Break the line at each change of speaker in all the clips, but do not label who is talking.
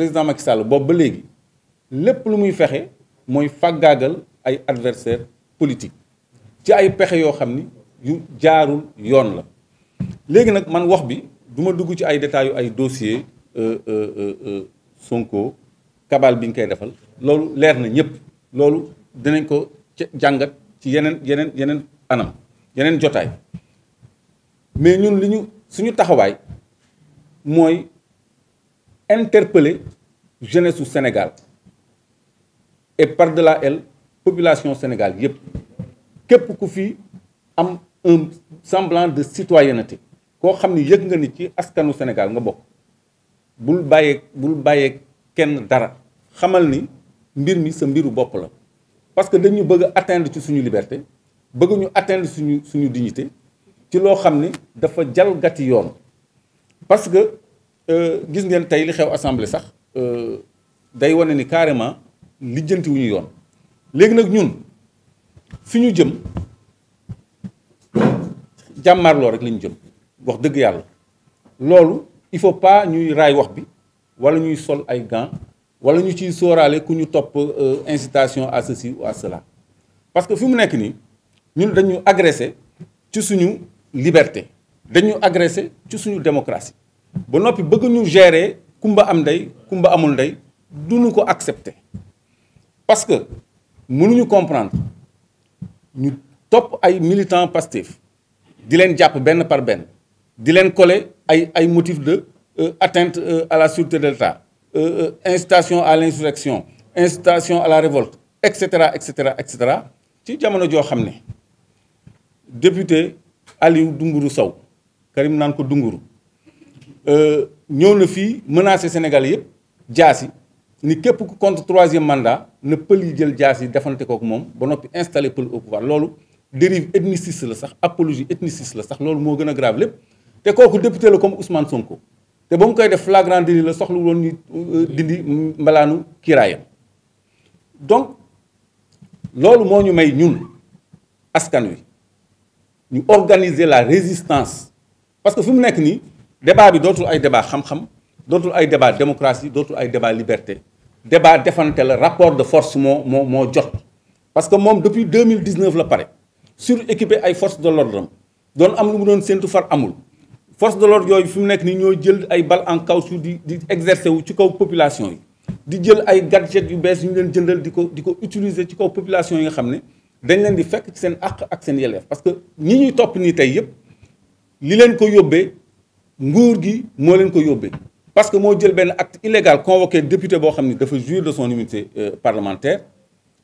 président Macky Sall boobu ba léegi lépp lu muy fexe mooy fàggaagal ay adversaire politique ci ay pexe yoo xam ni yu jaarul yoon la léegi nag man wax bi duma dugg ci ay détails ay dossier euh, euh, euh, Sonko kabal bi ñu koy defal loolu leer na ñëpp loolu dinañ ko jàngat ci yeneen yeneen yeneen anam yeneen jotaay mais ñun li ñu suñu taxawaay mooy interpeller jeunesse su Sénégal et par-delà elle population Sénégal yëpp képp ku fi am un semblant de citoyenneté koo xam ni yëg nga ni ci askanu Sénégal nga bokk bul bàyyee bul bàyyee kenn dara xamal ni mbir mi sa mbiru bopp la parce que dañu bëgg atteindre ci suñu liberté bëgg ñu atteindre suñu suñu dignité ci loo xam ni dafa jalgati yoon parce que Euh, gis ngeen tey li xew assemblée sax euh, day wane ni carrément lijjanti wu ñu yoon léegi nag ñun fi ñu jëm jàmmaarloo rek la jëm wax dëgg yàlla loolu il faut pas ñuy raay wax bi wala ñuy sol ay gants wala ñu ciy sóoraale ku ñu topp euh, incitation à ceci ou à parce que fi mu nekk nii ñun dañu agressé ci suñu liberté dañu agressé ci suñu démocratie ba noppi bëgg ñu gérer kumba am ndey kumba amul ndey duñu ko accepter parce que mënuñu comprendre ñu topp ay militants Pastef di leen jàpp benn par benn di leen coller ay ay motifs de euh, atteinte euh, à la sûreté de l'État euh, incitation à l'insurrection incitation à la révolte et cetera et cetera et cetera ci jamono joo xam ne député Aliou Dunguru Sow Karim naan ko Dunguru Euh, ñëw na fii menacé Sénégal yëpp jaasi ni képp ku contre troisième mandat na pël yi jël jaas yi defante kook moom ba noppi installé pël au loolu dérive ethniciste la sax apologie ethniciste la sax loolu moo gën a grave lépp te kooku député la comme usman Sonko te ba mu koy def flagrant délit la soxlu woon ñu euh, dindi mbalaanu kiiraayam donc loolu moo ñu may ñun askan wi ñu organiser la résistance parce que fi mu nekk nii débat bi dootul ay débat xam-xam dootul ay débat démocratie dootul ay débat liberté débat defante la rapport de force moo moo moo jot parce que moom depuis deux mille 2019 la pare suréquipé ay forces de l'ordre doon am lu mu doon séntu far amul force de yooyu fi mu nekk ni ñoo jël ay ball en caoutchouc di di exercer wu ci kaw population yi di jël ay gadget yu bees yu ñu leen jëndal di ko di ko utiliser ci kaw population yi nga xam ne dañ leen di fekk ci seen àq ak seen yelleef parce que ñi ñuy topp nii tey yëpp li leen ko yóbbee nguur gi moo leen ko yóbbee parce que moo jël benn acte illégal convoqué député boo xam ni dafa jur de son immunité euh, parlementaire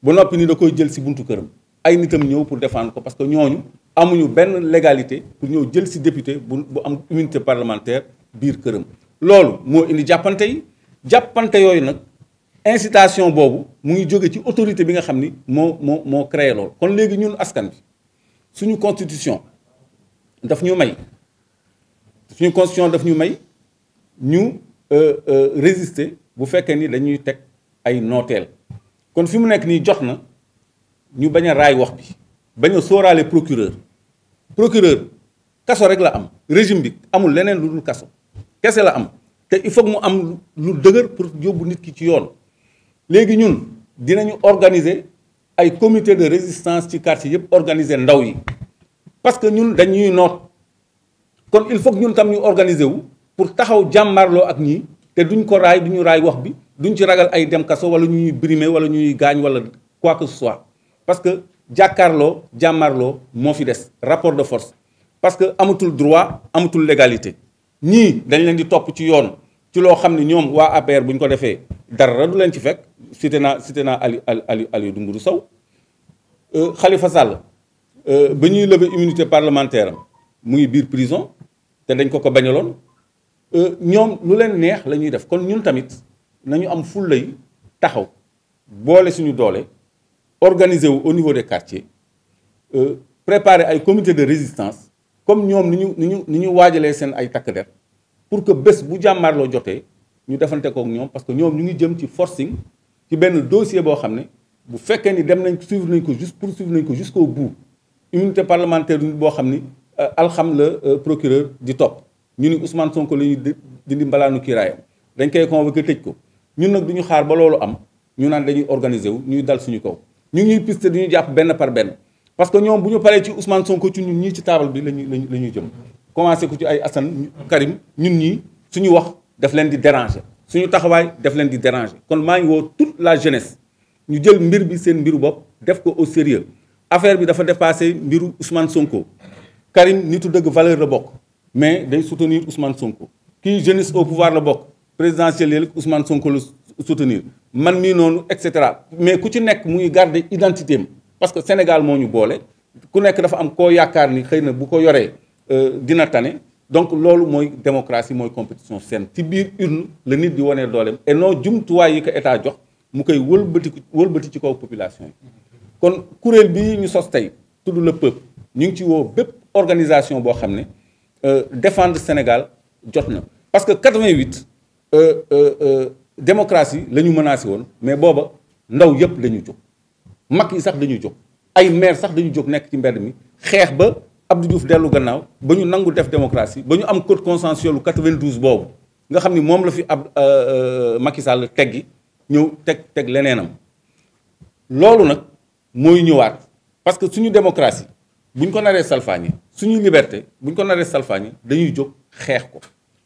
ba noppi ni da koy jël si buntu këram ay nitam ñëw pour défendre ko parce que ñooñu amuñu benn légalité pour ñëw jël si député bu bu am immunité parlementaire biir këram. loolu moo indi jàppante yi jàppante yooyu nag incitation boobu mu ngi jóge ci autorité bi nga xam ni moo moo moo créer loolu kon léegi ñun askan bi suñu constitution daf ñu may. suñu constitution daf ñu may ñu euh, euh, résister bu fekkee ni dañuy teg ay nooteel kon fi mu nekk nii jox na ñu bañ a raay wax bi bañ a sóoraale procureur procureur kaso rek la am régime bi amul leneen lu dul kaso kese la am te il faut mu am lu dëgër pour yóbbu nit ki ci yoon léegi ñun dinañu organiser ay comité de résistance ci quartier yëpp organiser ndaw yi parce ñun dañuy noot kon il faut ñun tam ñu organiser wu pour taxaw jàmmarloo ak ñii te duñ ko raay duñu raay wax bi duñu ci ragal ay dem kaso wala ñuy brimer wala ñuy gaañ wala quoi que soit parce que jàkkaarloo jàmmarloo moo fi des rapport de force parce que amatul droit amatul légalité ñii dañ leen di topp ci yoon ci loo xam ne ñoom waa APR bu ñu ko defee dara du leen ci fekk cité naa cité naa Ali Ali Aliou Dembourou Sow xalifa euh, Sall euh, ba ñuy lever immunité parlementaire am mu ngi biir prison te dañ ko ko bañaloon euh, ñoom lu leen neex la ñuy def kon ñun tamit nañu am fulla yi taxaw boole suñu doole organiser wu au niveau des quartiers euh, préparer ay comité de résistance comme ñoom ni ñu ni ñu ni ñu waajalee seen ay takk der pour que bés bu jàmmaarloo jotee ñu defante kook ñoom parce que ñoom ñu ngi jëm ci forcing ci benn dossier boo xam ne bu fekkee ni dem nañ suivre nañ ko juste poursuivre nañ ko jusqu'au bout immunité parlementaire boo xam ni Euh, alxam la euh, procureur di topp ñu ni Ousmane Sonko la ñuy dindi mbalaanu kiiraayam dañ koy ko tëj ko ñu nag du ñu xaar ba loolu am ñu naan dañuy organiser wu ñuy dal suñu kaw ñu ngi ñuy piste du ñu jàpp benn par benn parce que ñoom bu ñu paree ci Ousmane Sonko ci ñun ñii ci table bi lañu lañu la ñuy jëm commencé ko ci ay Assane Karim ñun ñii suñu wax daf leen di déranger suñu taxawaay def leen di déranger kon maa ngi woo toute la jeunesse ñu jël mbir bi seen mbiru bopp def ko au sérieux affaire bi dafa dépassé mbiru Ousmane Sonko Karim nitu dëgg valeur la bokk mais day soutenir Ousmane Sonko kii jeunesse au pouvoir la bokk présidentielle yi usman Sonko la soutenir man mii noonu et cetera mais ku ci nekk muy garder identité am parce que Sénégal moo ñu boole ku nekk dafa am koo yaakaar ni xëy na bu ko yoree euh, dina tane donc loolu mooy démocratie mooy compétition seen ci biir urne la nit di wanee dooleem et non jumtuwaay yi ko état jox mu koy wëlbati wëlbati ci kaw population yi kon kuréel bi ñu sos tey tudd le ñu ngi ci woo bépp organisation boo xam ne euh, defendre Sénégal jot na parce que 88 euh, euh, démocratie la ñu menacé woon mais booba ndaw yëpp la jóg mag yi sax dañu jóg ay maire sax dañu jóg nekk ci mbedd mi xeex ba ab du Diouf dellu gannaaw ba ñu nangu def démocratie ba ñu am code consensuel lu 92 boobu nga xam ni moom la fi ab Macky Sall teggi ñëw teg teg leneenam loolu nag mooy ñëwaat parce que suñu démocratie bu ñu ko naree salfaañi suñuy liberté bu ñu ko naree salfaañi dañuy jóg xeex ko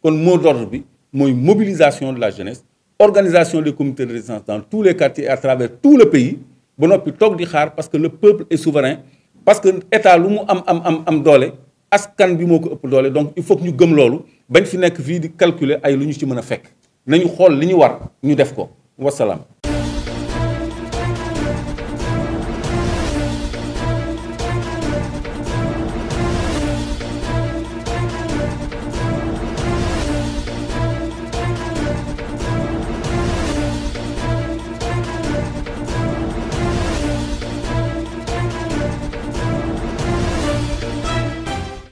kon moo d'ordre bi mooy mobilisation de la jeunesse organisation des comités de résistance dans tous les quartiers à travers tout le pays ba noppi toog di xaar parce que le peuple est souverain parce que état lu mu am am am am doole askan bi moo ko ëpp doole donc il faut ñu gëm loolu bañ fi nekk fii di calculer ay lu ñu ci mën a fekk nañu xool li ñu war ñu def ko wasalaam